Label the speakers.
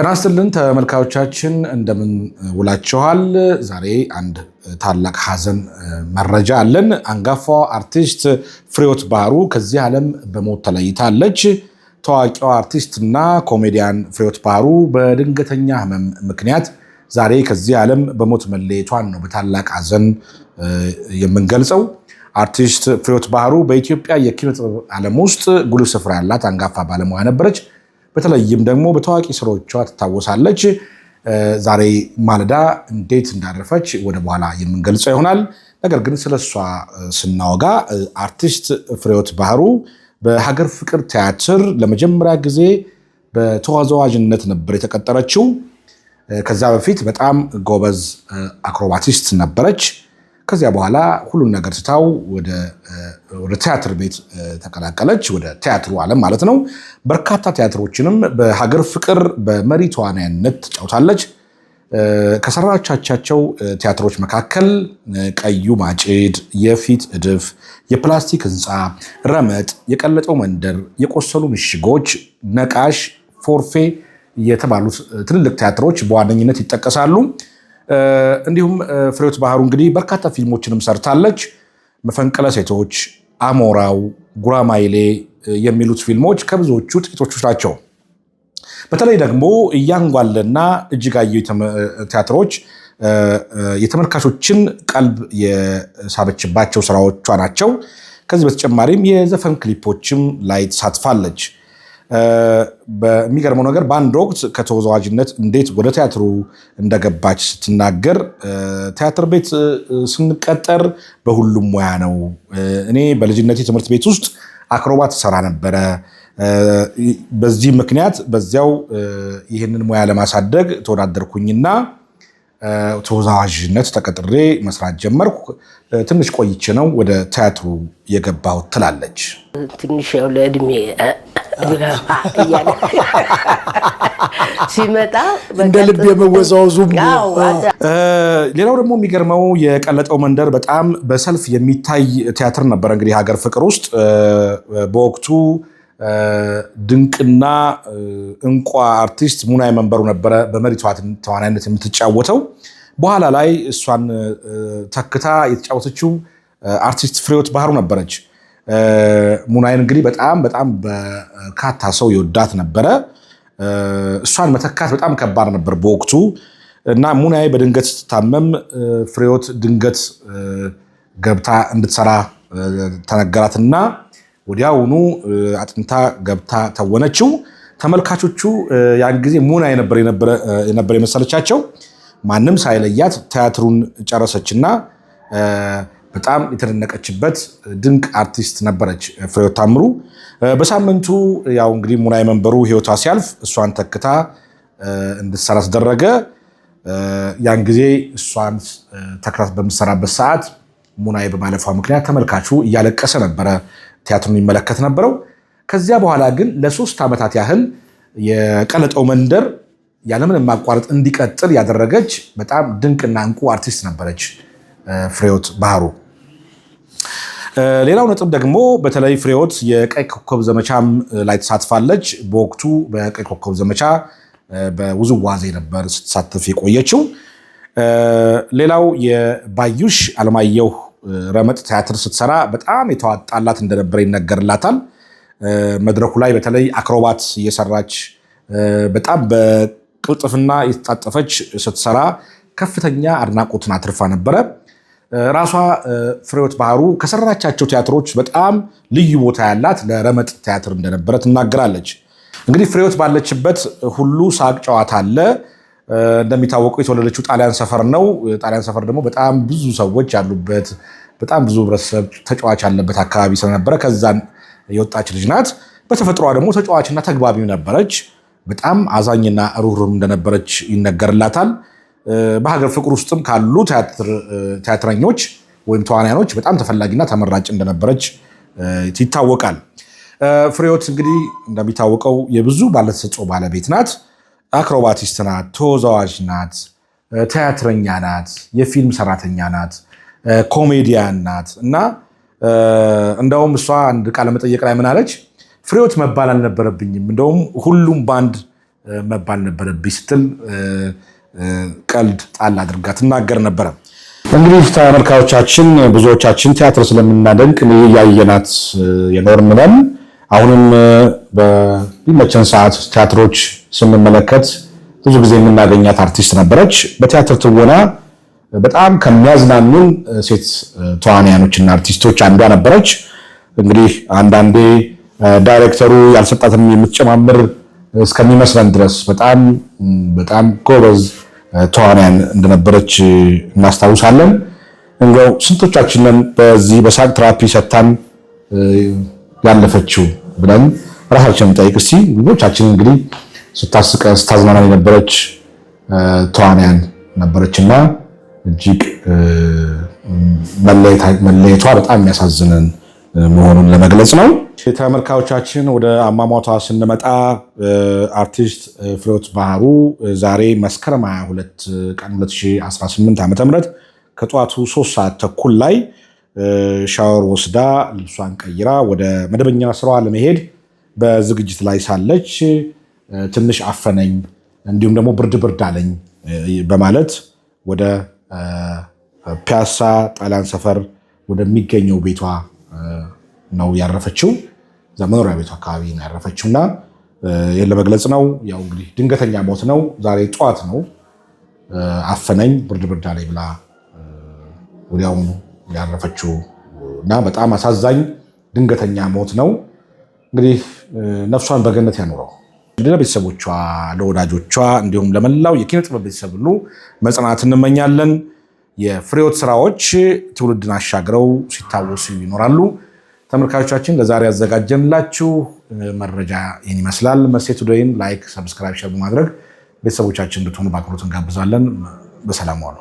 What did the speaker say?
Speaker 1: ጤና ይስጥልን ተመልካዮቻችን፣ እንደምን ውላችኋል? ዛሬ አንድ ታላቅ ሀዘን መረጃ አለን። አንጋፋዋ አርቲስት ፍሬዎት ባህሩ ከዚህ ዓለም በሞት ተለይታለች። ታዋቂዋ አርቲስትና ኮሜዲያን ፍሬዎት ባህሩ በድንገተኛ ህመም ምክንያት ዛሬ ከዚህ ዓለም በሞት መለየቷን ነው በታላቅ ሀዘን የምንገልጸው። አርቲስት ፍሬዎት ባህሩ በኢትዮጵያ የኪነ ዓለም ውስጥ ጉልህ ስፍራ ያላት አንጋፋ ባለሙያ ነበረች። በተለይም ደግሞ በታዋቂ ስራዎቿ ትታወሳለች። ዛሬ ማለዳ እንዴት እንዳረፈች ወደ በኋላ የምንገልጸው ይሆናል። ነገር ግን ስለሷ ስናወጋ አርቲስት ፍሬወት ባህሩ በሀገር ፍቅር ቲያትር ለመጀመሪያ ጊዜ በተወዛዋዥነት ነበር የተቀጠረችው። ከዛ በፊት በጣም ጎበዝ አክሮባቲስት ነበረች። ከዚያ በኋላ ሁሉን ነገር ትታው ወደ ቲያትር ቤት ተቀላቀለች፣ ወደ ቲያትሩ ዓለም ማለት ነው። በርካታ ቲያትሮችንም በሀገር ፍቅር በመሪ ተዋናይነት ትጫውታለች። ከሰራቻቻቸው ቲያትሮች መካከል ቀዩ ማጭድ፣ የፊት እድፍ፣ የፕላስቲክ ህንፃ፣ ረመጥ፣ የቀለጠው መንደር፣ የቆሰሉ ምሽጎች፣ ነቃሽ፣ ፎርፌ የተባሉት ትልልቅ ቲያትሮች በዋነኝነት ይጠቀሳሉ። እንዲሁም ፍሬዎት ባህሩ እንግዲህ በርካታ ፊልሞችንም ሰርታለች። መፈንቅለ ሴቶች፣ አሞራው፣ ጉራማይሌ የሚሉት ፊልሞች ከብዙዎቹ ጥቂቶቹ ናቸው። በተለይ ደግሞ እያንጓለና እጅጋየሁ ቲያትሮች የተመልካቾችን ቀልብ የሳበችባቸው ስራዎቿ ናቸው። ከዚህ በተጨማሪም የዘፈን ክሊፖችም ላይ ተሳትፋለች። በሚገርመው ነገር በአንድ ወቅት ከተወዛዋዥነት እንዴት ወደ ቲያትሩ እንደገባች ስትናገር ቲያትር ቤት ስንቀጠር በሁሉም ሙያ ነው። እኔ በልጅነት ትምህርት ቤት ውስጥ አክሮባት ሰራ ነበረ። በዚህ ምክንያት በዚያው ይህንን ሙያ ለማሳደግ ተወዳደርኩኝና ተወዛዋዥነት ተቀጥሬ መስራት ጀመርኩ። ትንሽ ቆይቼ ነው ወደ ቲያትሩ የገባው ትላለች።
Speaker 2: ትንሽ ያው ለእድሜ ሲመጣ
Speaker 1: እንደ ልብ የመወዛወዙ። ሌላው ደግሞ የሚገርመው የቀለጠው መንደር በጣም በሰልፍ የሚታይ ቲያትር ነበር። እንግዲህ ሀገር ፍቅር ውስጥ በወቅቱ ድንቅና እንቋ አርቲስት ሙናዬ መንበሩ ነበረ በመሪቷ ተዋናይነት የምትጫወተው። በኋላ ላይ እሷን ተክታ የተጫወተችው አርቲስት ፍሬዎት ባህሩ ነበረች። ሙናይን እንግዲህ በጣም በጣም በርካታ ሰው የወዳት ነበረ። እሷን መተካት በጣም ከባድ ነበር በወቅቱ እና ሙናዬ በድንገት ስትታመም ፍሬዎት ድንገት ገብታ እንድትሰራ ተነገራትና ወዲያውኑ አጥንታ ገብታ ተወነችው። ተመልካቾቹ ያን ጊዜ ሙና የነበረ የመሰለቻቸው ማንም ሳይለያት ቲያትሩን ጨረሰችና በጣም የተደነቀችበት ድንቅ አርቲስት ነበረች ፍሬው ታምሩ። በሳምንቱ ያው እንግዲህ ሙና የመንበሩ ህይወቷ ሲያልፍ እሷን ተክታ እንድትሰራ ተደረገ። ያን ጊዜ እሷን ተክራት በምትሰራበት ሰዓት ሙናዬ በማለፏ ምክንያት ተመልካቹ እያለቀሰ ነበረ። ቲያትሩን ይመለከት ነበረው። ከዚያ በኋላ ግን ለሶስት ዓመታት ያህል የቀለጠው መንደር ያለምንም ማቋረጥ እንዲቀጥል ያደረገች በጣም ድንቅና እንቁ አርቲስት ነበረች ፍሬዎት ባህሩ። ሌላው ነጥብ ደግሞ በተለይ ፍሬዎት የቀይ ኮከብ ዘመቻም ላይ ተሳትፋለች። በወቅቱ በቀይ ኮከብ ዘመቻ በውዝዋዜ ነበር ስትሳተፍ የቆየችው። ሌላው የባዩሽ አለማየሁ ረመጥ ቲያትር ስትሰራ በጣም የተዋጣላት እንደነበረ ይነገርላታል። መድረኩ ላይ በተለይ አክሮባት እየሰራች በጣም በቅልጥፍና የተጣጠፈች ስትሰራ ከፍተኛ አድናቆትን አትርፋ ነበረ። ራሷ ፍሬወት ባህሩ ከሰራቻቸው ቲያትሮች በጣም ልዩ ቦታ ያላት ለረመጥ ቲያትር እንደነበረ ትናገራለች። እንግዲህ ፍሬወት ባለችበት ሁሉ ሳቅ ጨዋታ አለ። እንደሚታወቀው የተወለደችው ጣሊያን ሰፈር ነው። ጣሊያን ሰፈር ደግሞ በጣም ብዙ ሰዎች ያሉበት በጣም ብዙ ህብረተሰብ ተጫዋች ያለበት አካባቢ ስለነበረ ከዛን የወጣች ልጅ ናት። በተፈጥሯ ደግሞ ተጫዋችና ተግባቢ ነበረች። በጣም አዛኝና ሩህሩህም እንደነበረች ይነገርላታል። በሀገር ፍቅር ውስጥም ካሉ ቲያትረኞች ወይም ተዋናያኖች በጣም ተፈላጊና ተመራጭ እንደነበረች ይታወቃል። ፍሬዎት እንግዲህ እንደሚታወቀው የብዙ ባለተሰጥኦ ባለቤት ናት። አክሮባቲስት ናት፣ ተወዛዋዥ ናት፣ ቲያትረኛ ናት፣ የፊልም ሰራተኛ ናት፣ ኮሜዲያን ናት እና እንደውም እሷ አንድ ቃለ መጠየቅ ላይ ምናለች ፍሬዎት መባል አልነበረብኝም፣ እንደውም ሁሉም ባንድ መባል ነበረብኝ ስትል ቀልድ ጣል አድርጋ ትናገር ነበረ። እንግዲህ ተመልካዮቻችን ብዙዎቻችን ቲያትር ስለምናደንቅ እያየናት የኖርን ነን። አሁንም በሚመቸን ሰዓት ቲያትሮች ስንመለከት ብዙ ጊዜ የምናገኛት አርቲስት ነበረች። በቲያትር ትወና በጣም ከሚያዝናኑን ሴት ተዋንያኖችና አርቲስቶች አንዷ ነበረች። እንግዲህ አንዳንዴ ዳይሬክተሩ ያልሰጣትም የምትጨማምር እስከሚመስለን ድረስ በጣም በጣም ጎበዝ ተዋንያን እንደነበረች እናስታውሳለን። እንዲያው ስንቶቻችንን በዚህ በሳቅ ትራፒ ሰጥታን ያለፈችው ብለን ራሳችን ጠይቅ። እስቲ ብዙዎቻችን እንግዲህ ስታስቀ ስታዝናናን የነበረች ተዋንያን ነበረች እና እጅግ መለየቷ በጣም የሚያሳዝንን መሆኑን ለመግለጽ ነው። ተመልካዮቻችን ወደ አሟሟቷ ስንመጣ አርቲስት ፍሬት ባህሩ ዛሬ መስከረም 22 ቀን 2018 ዓ ም ከጠዋቱ ሶስት ሰዓት ተኩል ላይ ሻወር ወስዳ ልብሷን ቀይራ ወደ መደበኛ ስራዋ ለመሄድ በዝግጅት ላይ ሳለች ትንሽ አፈነኝ፣ እንዲሁም ደግሞ ብርድ ብርድ አለኝ በማለት ወደ ፒያሳ ጣሊያን ሰፈር ወደሚገኘው ቤቷ ነው ያረፈችው። መኖሪያ ቤቷ አካባቢ ነው ያረፈችው እና ይህን ለመግለጽ ነው። ያው እንግዲህ ድንገተኛ ሞት ነው። ዛሬ ጠዋት ነው አፈነኝ፣ ብርድ ብርድ አለኝ ብላ ወዲያውኑ ያረፈችው እና በጣም አሳዛኝ ድንገተኛ ሞት ነው። እንግዲህ ነፍሷን በገነት ያኖረው ለቤተሰቦቿ፣ ለወዳጆቿ እንዲሁም ለመላው የኪነ ጥበብ ቤተሰብ ሁሉ መጽናት እንመኛለን። የፍሬዎት ስራዎች ትውልድን አሻግረው ሲታወሱ ይኖራሉ። ተመልካቾቻችን ለዛሬ ያዘጋጀንላችሁ መረጃ ይህን ይመስላል። መሴቱ ዶይን ላይክ፣ ሰብስክራይብ፣ ሸር በማድረግ ቤተሰቦቻችን እንድትሆኑ በአክብሮት እንጋብዛለን። በሰላም ዋሉ።